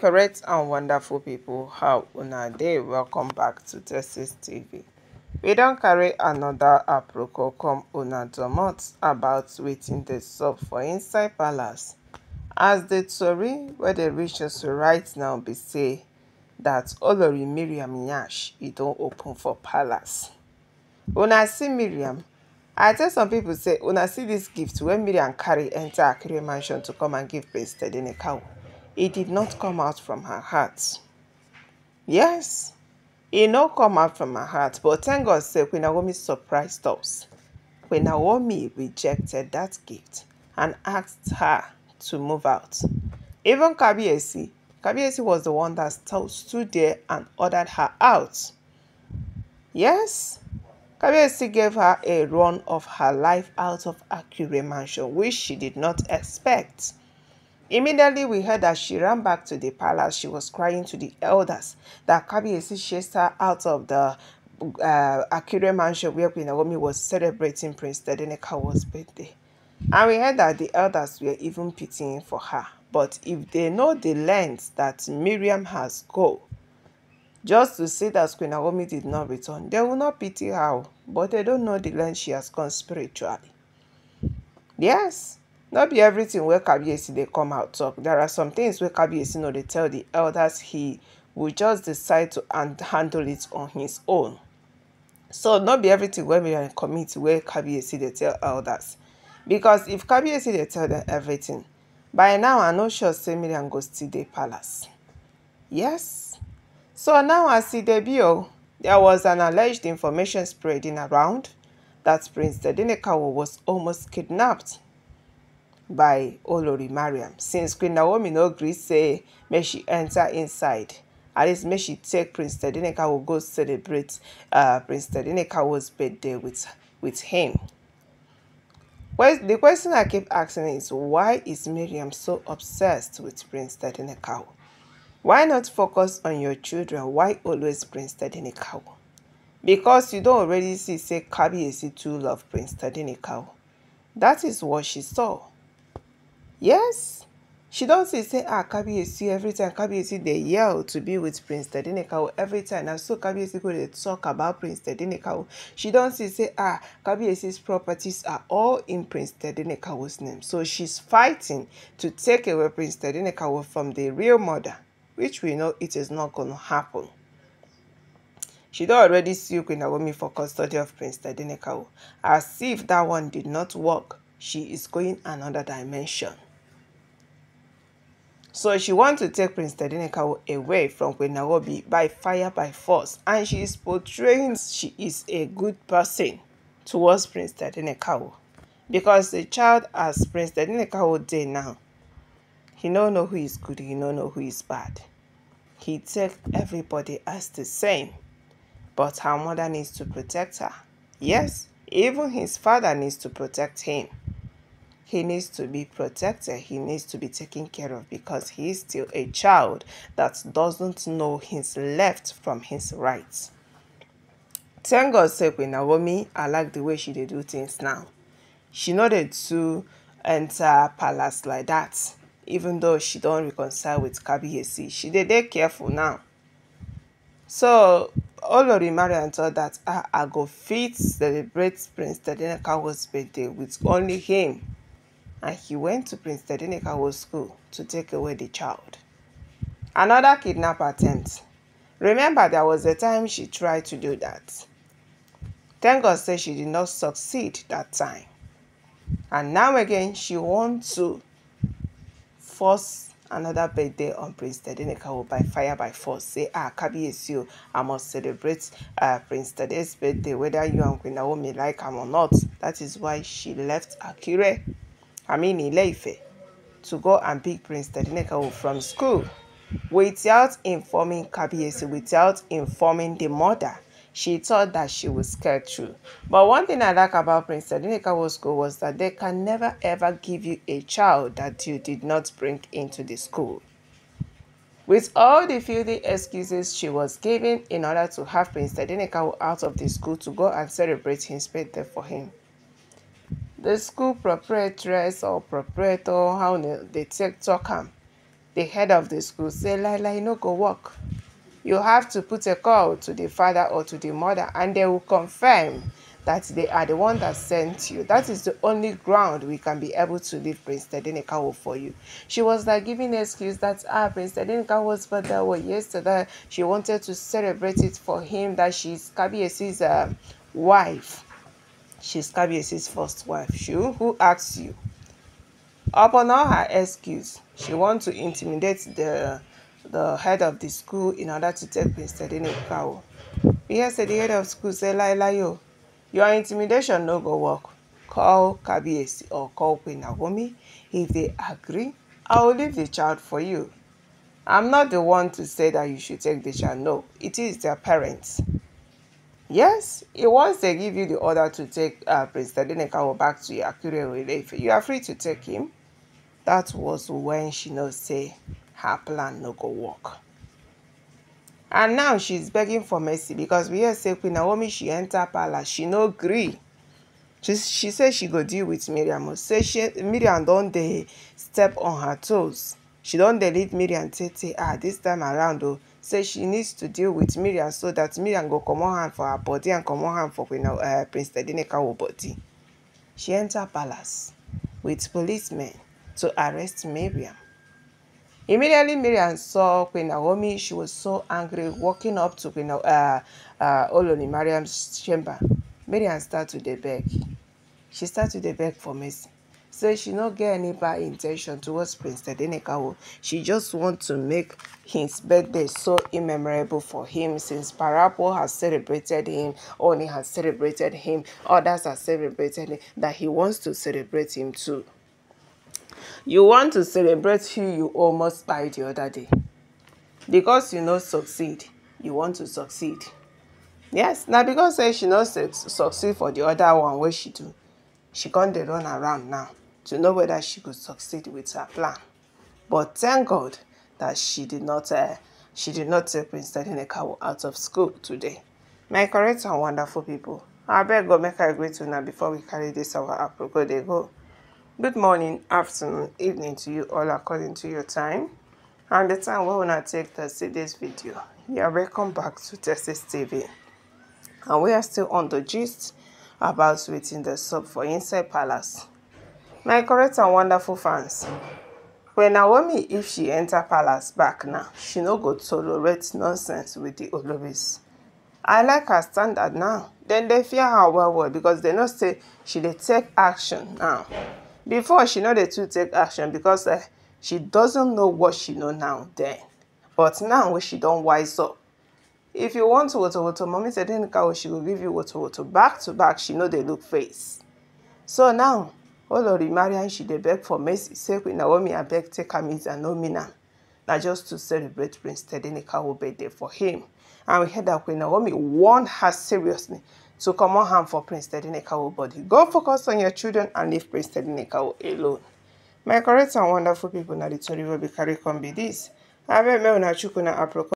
correct and wonderful people. how una dey welcome back to texas tv we don carry another aproko come una domot about wetin dey sup for inside palace as the tori wey dey reach us right now be say dat olori miriam nyash e don open for palace una see miriam i tell some people say una see dis gift wey miriam carry enta akiri mansion to come and give praise to edenokawo it did not come out from her heart. Yes, it not come out from her heart, but thank God say Queen Naomi surprised us. When Naomi rejected that gift and asked her to move out. Even Kabiesi, Kabiesi was the one that stood there and ordered her out. Yes, Kabiesi gave her a run of her life out of Akure Mansion, which she did not expect. Immediately we heard that she ran back to the palace. She was crying to the elders that Kabiyesi chased her out of the uh, Akure mansion where Queen Naomi was celebrating Prince Tedenekawa's birthday. And we heard that the elders were even pitying for her. But if they know the length that Miriam has go, just to see that Queen Naomi did not return, they will not pity her, but they don't know the length she has gone spiritually. Yes, Not be everything where kabiyesi they come out talk there are some things where kabiyesi know they tell the elders he will just decide to handle it on his own so not be everything where we are in committee where kabiyesi they tell elders because if kabiyesi they tell them everything by now i not sure say miriam go still the palace yes so now as see the be oh, there was an alleged information spreading around that prince Dedinekawo was almost kidnapped by Olori Mariam since Queen Naomi no gree say may she enter inside at least make she take Prince Tedinika will go celebrate uh, Prince Tedineka's birthday with with him. Well, the question I keep asking is why is Miriam so obsessed with Prince Tedinika? Why not focus on your children? Why always Prince Tedinika? Because you don't already see say Kabi Esi too love Prince Tedinika. That is what she saw. Yes, she does it say ah, Kabiyesi, every time Kabiyesi, they yell to be with Prince Tedinekau every time. And so Kabiyesi go, they talk about Prince Tedinekau. She does not say, ah, Kabiyesi's properties are all in Prince Tedinekau's name. So she's fighting to take away Prince Tedinekau from the real mother, which we know it is not going to happen. She don already sue Queen woman for custody of Prince Tedinekau. As if that one did not work, she is going another dimension. So she wants to take Prince Tedenekawo away from Queen by fire by force and she is portraying she is a good person towards Prince Tedenekawo because the child as Prince Tedenekawo day now. He don't know who is good, he don't know who is bad. He take everybody as the same. But her mother needs to protect her. Yes, even his father needs to protect him he needs to be protected, he needs to be taken care of because he is still a child that doesn't know his left from his right. Thank God say with Naomi, I like the way she did do things now. She nodded to enter palace like that even though she don't reconcile with kabiyesi she did dey careful now so olori Marian thought that ah i go fit celebrate prince tadenaka's birthday with only him and he went to Prince Tedinikawo's school to take away the child. Another kidnap attempt. Remember, there was a time she tried to do that. Thank God said she did not succeed that time. And now again, she wants to force another birthday on Prince Tedinikawo by fire by force. Say, ah, Kabiyesi o, I must celebrate uh, Prince Tede's birthday, whether you and Queen Naomi like him or not. That is why she left Akure. I mean, Leife to go and pick Prince Tedinekau from school without informing Kabiesi, without informing the mother. She thought that she was scared through. But one thing I like about Prince Tedinekawo school was that they can never ever give you a child that you did not bring into the school. With all the filthy excuses she was given in order to have Prince Tedinekawo out of the school to go and celebrate his birthday for him the school proprietress or proprietor how they take talk am the head of the school say lai you e no go work you have to put a call to the father or to the mother and they will confirm that they are the one that sent you. That is the only ground we can be able to leave Prince Tedenikawo for you. She was like giving excuse that ah Prince Tedenikawo's father was yesterday. She wanted to celebrate it for him that she's Kabiesi's uh, wife. she's Kabiesi's first wife, Shu, who asks you. Upon all her excuse, she wants to intimidate the, the head of the school in order to take Mr. Dino Kawo. said the head of school said, Lai Layo, your intimidation no go work. Call Kabiesi or call Penagomi. If they agree, I will leave the child for you. I'm not the one to say that you should take the child. No, it is their parents. Yes, once they give you the order to take uh, President Enekawo back to Akure Oile-Ife, you are free to take him. That was when she knows say her plan no go work. And now she's begging for mercy because we hear say Queen Naomi she enter palace, she no agree. She, she says she go deal with Miriam. Oh, say she, Miriam don't they step on her toes. She don't dey lead Miriam tey tey ah this time around oh say she needs to deal with miriam so that miriam go comot hand for her body and comot hand for uh, prince edinikawo body she enter palace with policemen to arrest miriam Immediately, Miriam saw Queen Naomi. She was so angry, walking up to Queen uh, uh, Oloni Mariam's chamber. Miriam started to beg. She started to beg for mercy says she not get any bad intention towards Prince Tedenekawo. She just want to make his birthday so immemorable for him since Parapo has celebrated him, Oni has celebrated him, others have celebrated him, that he wants to celebrate him too. You want to celebrate who you almost by the other day. Because you not succeed, you want to succeed. Yes, na because say she no succeed for the other one wey she do. She come dey run around now to know whether she could succeed with her plan. But thank God that she did not uh, she did not take Prince Tadenekawo out of school today. My correct and wonderful people, I beg go make her agree to now before we carry this our apropos dey go. Good morning, afternoon, evening to you all according to your time. And the time we wanna take to see this video. You are welcome back to Texas TV. And we are still on the gist about waiting the sub for inside palace my correct and wonderful fans when naomi if she enter palace back now she no go tolerate nonsense with the olobis i like her standard now Then they fear her well well because they know say she dey take action now before she no dey too take action because uh, she doesn't know what she know now then but now wey she don wise up if you want woto woto mommy tedinika she go give you woto woto back to back she no dey look face so now olori Marian she dey beg for mercy say queen naomi abeg take am easy and no mean am na just to celebrate prince tedenikawo birthday for him and we hear that queen naomi warn her seriously to comot hand for prince tedenikawo body go focus on your children and leave prince tedenikawo alone my correct and wonderful people, na di tori wey we carry come be dis abeg make una chook una approach.